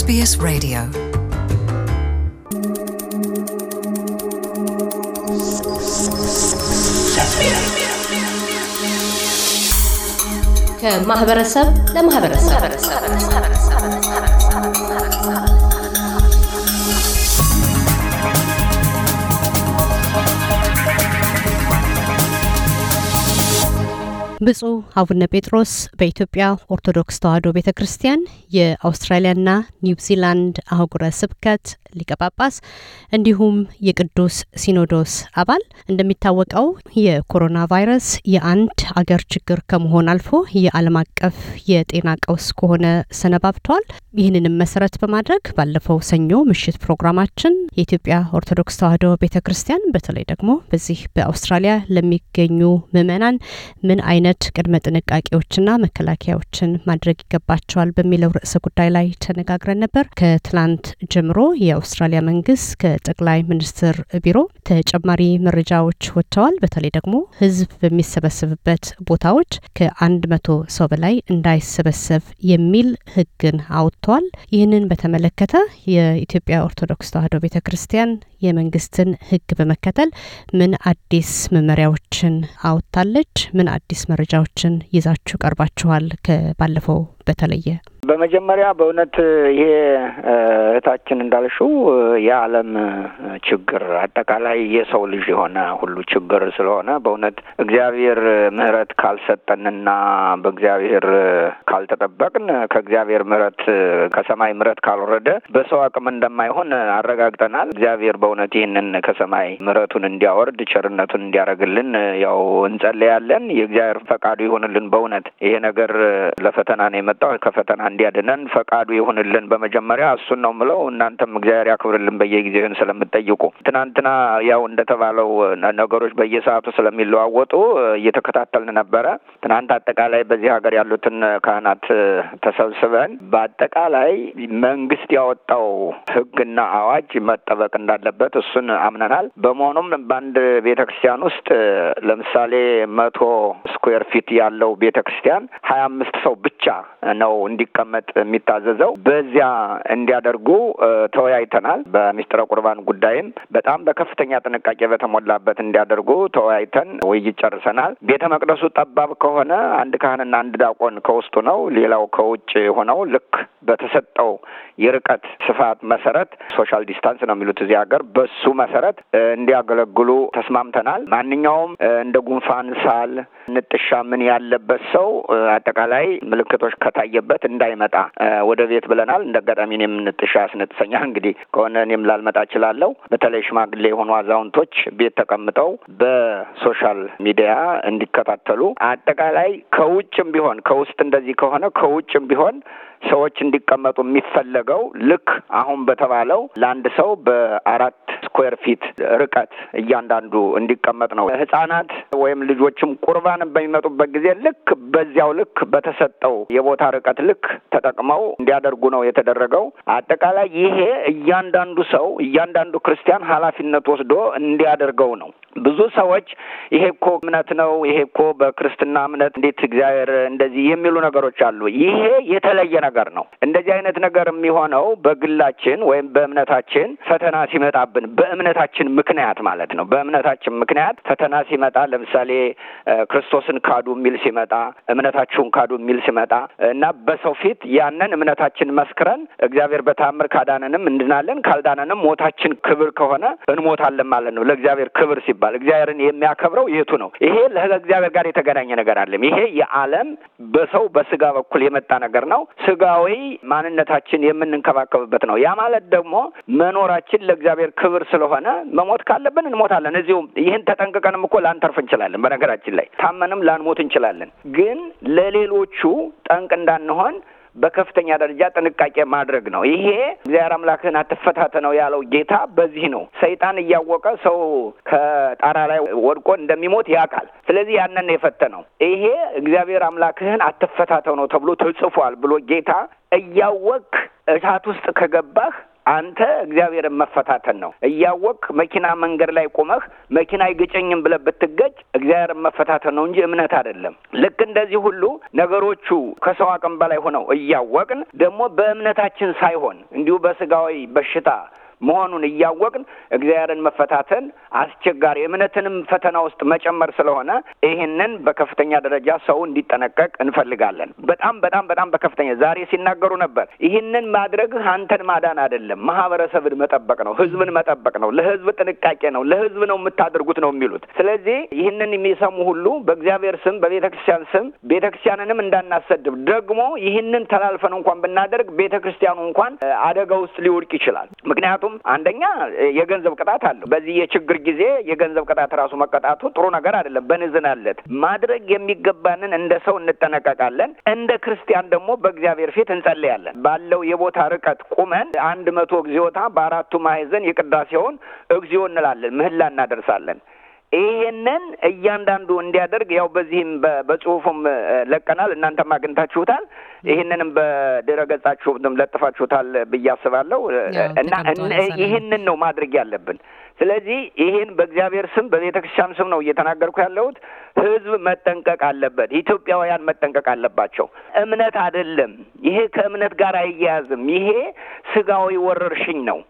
SBS Radio. كمهبره سب ብፁዕ አቡነ ጴጥሮስ በኢትዮጵያ ኦርቶዶክስ ተዋሕዶ ቤተ ክርስቲያን የአውስትራሊያና ኒውዚላንድ አህጉረ ስብከት ሊቀ ጳጳስ እንዲሁም የቅዱስ ሲኖዶስ አባል። እንደሚታወቀው የኮሮና ቫይረስ የአንድ አገር ችግር ከመሆን አልፎ የዓለም አቀፍ የጤና ቀውስ ከሆነ ሰነባብቷል። ይህንንም መሰረት በማድረግ ባለፈው ሰኞ ምሽት ፕሮግራማችን የኢትዮጵያ ኦርቶዶክስ ተዋሕዶ ቤተ ክርስቲያን በተለይ ደግሞ በዚህ በአውስትራሊያ ለሚገኙ ምዕመናን ምን አይነት ቅድመ ጥንቃቄዎችና መከላከያዎችን ማድረግ ይገባቸዋል በሚለው ርዕሰ ጉዳይ ላይ ተነጋግረን ነበር። ከትላንት ጀምሮ የአውስትራሊያ መንግስት ከጠቅላይ ሚኒስትር ቢሮ ተጨማሪ መረጃዎች ወጥተዋል። በተለይ ደግሞ ህዝብ በሚሰበሰብበት ቦታዎች ከአንድ መቶ ሰው በላይ እንዳይሰበሰብ የሚል ህግን አውጥተዋል። ይህንን በተመለከተ የኢትዮጵያ ኦርቶዶክስ ተዋሕዶ ቤተ ክርስቲያን የመንግስትን ህግ በመከተል ምን አዲስ መመሪያዎችን አውታለች ምን አዲስ መረጃዎችን ይዛችሁ ቀርባችኋል? ከባለፈው በተለየ በመጀመሪያ በእውነት ይሄ እህታችን እንዳልሽው የዓለም ችግር አጠቃላይ የሰው ልጅ የሆነ ሁሉ ችግር ስለሆነ በእውነት እግዚአብሔር ምሕረት ካልሰጠንና በእግዚአብሔር ካልተጠበቅን ከእግዚአብሔር ምሕረት ከሰማይ ምሕረት ካልወረደ በሰው አቅም እንደማይሆን አረጋግጠናል። እግዚአብሔር በ በእውነት ይህንን ከሰማይ ምሕረቱን እንዲያወርድ ቸርነቱን እንዲያደርግልን ያው እንጸለያለን። የእግዚአብሔር ፈቃዱ ይሆንልን። በእውነት ይሄ ነገር ለፈተና ነው የመጣው። ከፈተና እንዲያድነን ፈቃዱ ይሆንልን። በመጀመሪያ እሱን ነው ምለው። እናንተም እግዚአብሔር ያክብርልን በየጊዜውን ስለምትጠይቁ። ትናንትና ያው እንደተባለው ነገሮች በየሰዓቱ ስለሚለዋወጡ እየተከታተልን ነበረ። ትናንት አጠቃላይ በዚህ ሀገር ያሉትን ካህናት ተሰብስበን በአጠቃላይ መንግስት ያወጣው ህግና አዋጅ መጠበቅ እንዳለበት እንዳለበት እሱን አምነናል። በመሆኑም በአንድ ቤተ ክርስቲያን ውስጥ ለምሳሌ መቶ ስኩዌር ፊት ያለው ቤተ ክርስቲያን ሀያ አምስት ሰው ብቻ ነው እንዲቀመጥ የሚታዘዘው። በዚያ እንዲያደርጉ ተወያይተናል። በሚስጥረ ቁርባን ጉዳይም በጣም በከፍተኛ ጥንቃቄ በተሞላበት እንዲያደርጉ ተወያይተን ውይይት ጨርሰናል። ቤተ መቅደሱ ጠባብ ከሆነ አንድ ካህንና አንድ ዲያቆን ከውስጡ ነው፣ ሌላው ከውጭ ሆነው ልክ በተሰጠው የርቀት ስፋት መሰረት ሶሻል ዲስታንስ ነው የሚሉት እዚህ ሀገር በሱ መሰረት እንዲያገለግሉ ተስማምተናል። ማንኛውም እንደ ጉንፋን፣ ሳል፣ ንጥሻ ምን ያለበት ሰው አጠቃላይ ምልክቶች ከታየበት እንዳይመጣ ወደ ቤት ብለናል። እንደ አጋጣሚ እኔም ንጥሻ ያስነጥሰኛል። እንግዲህ ከሆነ እኔም ላልመጣ እችላለሁ። በተለይ ሽማግሌ የሆኑ አዛውንቶች ቤት ተቀምጠው በሶሻል ሚዲያ እንዲከታተሉ አጠቃላይ ከውጭም ቢሆን ከውስጥ እንደዚህ ከሆነ ከውጭም ቢሆን ሰዎች እንዲቀመጡ የሚፈለገው ልክ አሁን በተባለው ለአንድ ሰው በአራት ስኩዌር ፊት ርቀት እያንዳንዱ እንዲቀመጥ ነው። ህጻናት ወይም ልጆችም ቁርባን በሚመጡበት ጊዜ ልክ በዚያው ልክ በተሰጠው የቦታ ርቀት ልክ ተጠቅመው እንዲያደርጉ ነው የተደረገው። አጠቃላይ ይሄ እያንዳንዱ ሰው እያንዳንዱ ክርስቲያን ኃላፊነት ወስዶ እንዲያደርገው ነው። ብዙ ሰዎች ይሄ እኮ እምነት ነው፣ ይሄ እኮ በክርስትና እምነት እንዴት እግዚአብሔር እንደዚህ የሚሉ ነገሮች አሉ። ይሄ የተለየ ነገር ነገር ነው። እንደዚህ አይነት ነገር የሚሆነው በግላችን ወይም በእምነታችን ፈተና ሲመጣብን፣ በእምነታችን ምክንያት ማለት ነው። በእምነታችን ምክንያት ፈተና ሲመጣ፣ ለምሳሌ ክርስቶስን ካዱ የሚል ሲመጣ፣ እምነታችሁን ካዱ የሚል ሲመጣ እና በሰው ፊት ያንን እምነታችን መስክረን እግዚአብሔር በተአምር ካዳነንም እንድናለን፣ ካልዳነንም ሞታችን ክብር ከሆነ እንሞታለን ማለት ነው። ለእግዚአብሔር ክብር ሲባል እግዚአብሔርን የሚያከብረው የቱ ነው? ይሄ ለእግዚአብሔር ጋር የተገናኘ ነገር አለም። ይሄ የዓለም በሰው በስጋ በኩል የመጣ ነገር ነው። ስጋ ህጋዊ ማንነታችን የምንንከባከብበት ነው። ያ ማለት ደግሞ መኖራችን ለእግዚአብሔር ክብር ስለሆነ መሞት ካለብን እንሞታለን። እዚሁም ይህን ተጠንቅቀንም እኮ ላንተርፍ እንችላለን። በነገራችን ላይ ታመንም ላንሞት እንችላለን። ግን ለሌሎቹ ጠንቅ እንዳንሆን በከፍተኛ ደረጃ ጥንቃቄ ማድረግ ነው። ይሄ እግዚአብሔር አምላክህን አትፈታተነው ያለው ጌታ በዚህ ነው። ሰይጣን እያወቀ ሰው ከጣራ ላይ ወድቆ እንደሚሞት ያውቃል። ስለዚህ ያንን የፈተነው ይሄ እግዚአብሔር አምላክህን ነው ተብሎ ተጽፏል ብሎ ጌታ እያወቅ እሳት ውስጥ ከገባህ አንተ እግዚአብሔርን መፈታተን ነው። እያወቅ መኪና መንገድ ላይ ቆመህ መኪና አይገጨኝም ብለህ ብትገጭ እግዚአብሔርን መፈታተን ነው እንጂ እምነት አይደለም። ልክ እንደዚህ ሁሉ ነገሮቹ ከሰው አቅም በላይ ሆነው እያወቅን ደግሞ በእምነታችን ሳይሆን እንዲሁ በስጋዊ በሽታ መሆኑን እያወቅን እግዚአብሔርን መፈታተን አስቸጋሪ እምነትንም ፈተና ውስጥ መጨመር ስለሆነ ይህንን በከፍተኛ ደረጃ ሰው እንዲጠነቀቅ እንፈልጋለን። በጣም በጣም በጣም በከፍተኛ ዛሬ ሲናገሩ ነበር። ይህንን ማድረግህ አንተን ማዳን አይደለም፣ ማህበረሰብን መጠበቅ ነው፣ ህዝብን መጠበቅ ነው፣ ለህዝብ ጥንቃቄ ነው፣ ለህዝብ ነው የምታደርጉት ነው የሚሉት። ስለዚህ ይህንን የሚሰሙ ሁሉ በእግዚአብሔር ስም በቤተ ክርስቲያን ስም ቤተ ክርስቲያንንም እንዳናሰድብ ደግሞ ይህንን ተላልፈን እንኳን ብናደርግ ቤተ ክርስቲያኑ እንኳን አደጋ ውስጥ ሊወድቅ ይችላል። ምክንያቱም ምክንያቱም አንደኛ የገንዘብ ቅጣት አለው። በዚህ የችግር ጊዜ የገንዘብ ቅጣት ራሱ መቀጣቱ ጥሩ ነገር አይደለም። በንዝናለት ማድረግ የሚገባንን እንደ ሰው እንጠነቀቃለን። እንደ ክርስቲያን ደግሞ በእግዚአብሔር ፊት እንጸልያለን። ባለው የቦታ ርቀት ቁመን አንድ መቶ እግዚኦታ በአራቱ ማዕዘን የቅዳሴውን እግዚኦ እንላለን፣ ምህላ እናደርሳለን። ይሄንን እያንዳንዱ እንዲያደርግ ያው በዚህም በጽሁፉም ለቀናል፣ እናንተም አግኝታችሁታል። ይህንንም በድረ ገጻችሁም ለጥፋችሁታል ብዬ አስባለሁ እና ይህንን ነው ማድረግ ያለብን። ስለዚህ ይህን በእግዚአብሔር ስም በቤተ ክርስቲያን ስም ነው እየተናገርኩ ያለሁት። ህዝብ መጠንቀቅ አለበት። ኢትዮጵያውያን መጠንቀቅ አለባቸው። እምነት አይደለም ይሄ፣ ከእምነት ጋር አይያያዝም። ይሄ ስጋዊ ወረርሽኝ ነው።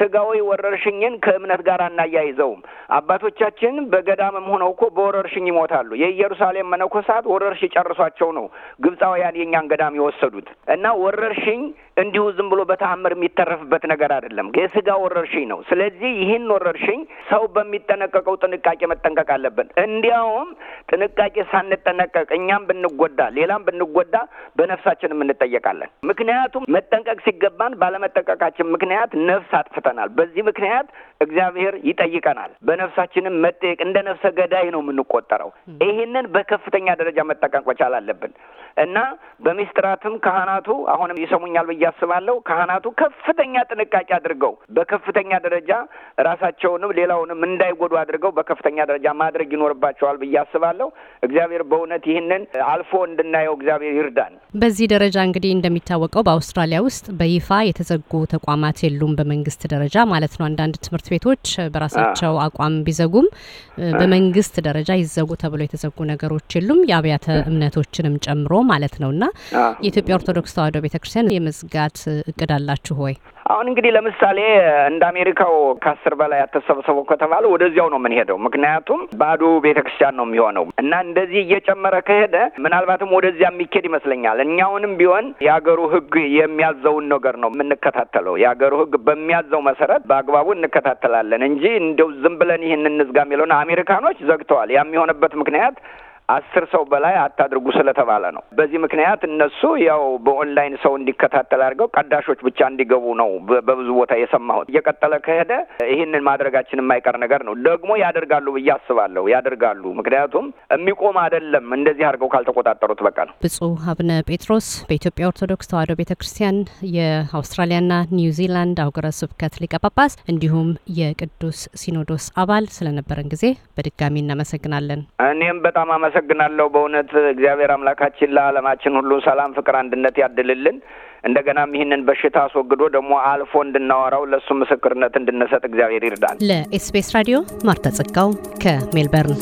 ስጋዊ ወረርሽኝን ከእምነት ጋር አናያይዘውም። አባቶቻችን በገዳምም ሆነው እኮ በወረርሽኝ ይሞታሉ። የኢየሩሳሌም መነኮሳት ወረርሽኝ ጨርሷቸው ነው ግብፃውያን የእኛን ገዳም የወሰዱት እና ወረርሽኝ እንዲሁ ዝም ብሎ በተአምር የሚተረፍበት ነገር አይደለም። የስጋ ወረርሽኝ ነው። ስለዚህ ይህን ወረርሽኝ ሰው በሚጠነቀቀው ጥንቃቄ መጠንቀቅ አለብን። እንዲያውም ጥንቃቄ ሳንጠነቀቅ እኛም ብንጎዳ፣ ሌላም ብንጎዳ በነፍሳችንም እንጠየቃለን። ምክንያቱም መጠንቀቅ ሲገባን ባለመጠንቀቃችን ምክንያት ነፍስ አጥፍተናል። በዚህ ምክንያት እግዚአብሔር ይጠይቀናል። በነፍሳችንም መጠየቅ እንደ ነፍሰ ገዳይ ነው የምንቆጠረው። ይህንን በከፍተኛ ደረጃ መጠንቀቅ መቻል አለብን እና በሚስጥራትም ካህናቱ አሁንም ይሰሙኛል ብዬ ብዬ አስባለሁ። ካህናቱ ከፍተኛ ጥንቃቄ አድርገው በከፍተኛ ደረጃ ራሳቸውንም ሌላውንም እንዳይጎዱ አድርገው በከፍተኛ ደረጃ ማድረግ ይኖርባቸዋል ብዬ አስባለሁ። እግዚአብሔር በእውነት ይህንን አልፎ እንድናየው እግዚአብሔር ይርዳን። በዚህ ደረጃ እንግዲህ እንደሚታወቀው በአውስትራሊያ ውስጥ በይፋ የተዘጉ ተቋማት የሉም፣ በመንግስት ደረጃ ማለት ነው። አንዳንድ ትምህርት ቤቶች በራሳቸው አቋም ቢዘጉም በመንግስት ደረጃ ይዘጉ ተብሎ የተዘጉ ነገሮች የሉም፣ የአብያተ እምነቶችንም ጨምሮ ማለት ነው እና የኢትዮጵያ ኦርቶዶክስ ተዋሕዶ ቤተክርስቲያን የመዝጋት እቅድ አላችሁ ወይ? አሁን እንግዲህ ለምሳሌ እንደ አሜሪካው ከአስር በላይ አተሰብሰቡ ከተባለ ወደዚያው ነው የምንሄደው። ምክንያቱም ባዶ ቤተ ክርስቲያን ነው የሚሆነው እና እንደዚህ እየጨመረ ከሄደ ምናልባትም ወደዚያ የሚኬድ ይመስለኛል። እኛውንም ቢሆን የሀገሩ ሕግ የሚያዘውን ነገር ነው የምንከታተለው። የሀገሩ ሕግ በሚያዘው መሰረት በአግባቡ እንከታተላለን እንጂ እንደው ዝም ብለን ይህን እንዝጋ የሚለውን አሜሪካኖች ዘግተዋል። ያም የሆነበት ምክንያት አስር ሰው በላይ አታድርጉ ስለተባለ ነው። በዚህ ምክንያት እነሱ ያው በኦንላይን ሰው እንዲከታተል አድርገው ቀዳሾች ብቻ እንዲገቡ ነው በብዙ ቦታ የሰማሁት። እየቀጠለ ከሄደ ይህንን ማድረጋችን የማይቀር ነገር ነው። ደግሞ ያደርጋሉ ብዬ አስባለሁ። ያደርጋሉ ምክንያቱም የሚቆም አይደለም። እንደዚህ አድርገው ካልተቆጣጠሩት በቃ ነው። ብፁዕ አቡነ ጴጥሮስ በኢትዮጵያ ኦርቶዶክስ ተዋሕዶ ቤተ ክርስቲያን የአውስትራሊያና ኒውዚላንድ አህጉረ ስብከት ሊቀ ጳጳስ እንዲሁም የቅዱስ ሲኖዶስ አባል ስለነበረን ጊዜ በድጋሚ እናመሰግናለን። እኔም በጣም አመሰግ አመሰግናለሁ። በእውነት እግዚአብሔር አምላካችን ለዓለማችን ሁሉ ሰላም፣ ፍቅር፣ አንድነት ያድልልን። እንደገናም ይህንን በሽታ አስወግዶ ደግሞ አልፎ እንድናወራው ለእሱ ምስክርነት እንድንሰጥ እግዚአብሔር ይርዳል። ለኤስቢኤስ ራዲዮ ማርታ ጽጋው ከሜልበርን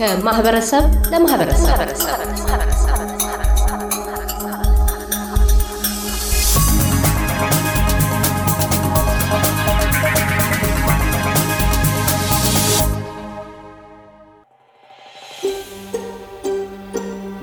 ከማህበረሰብ ለማህበረሰብ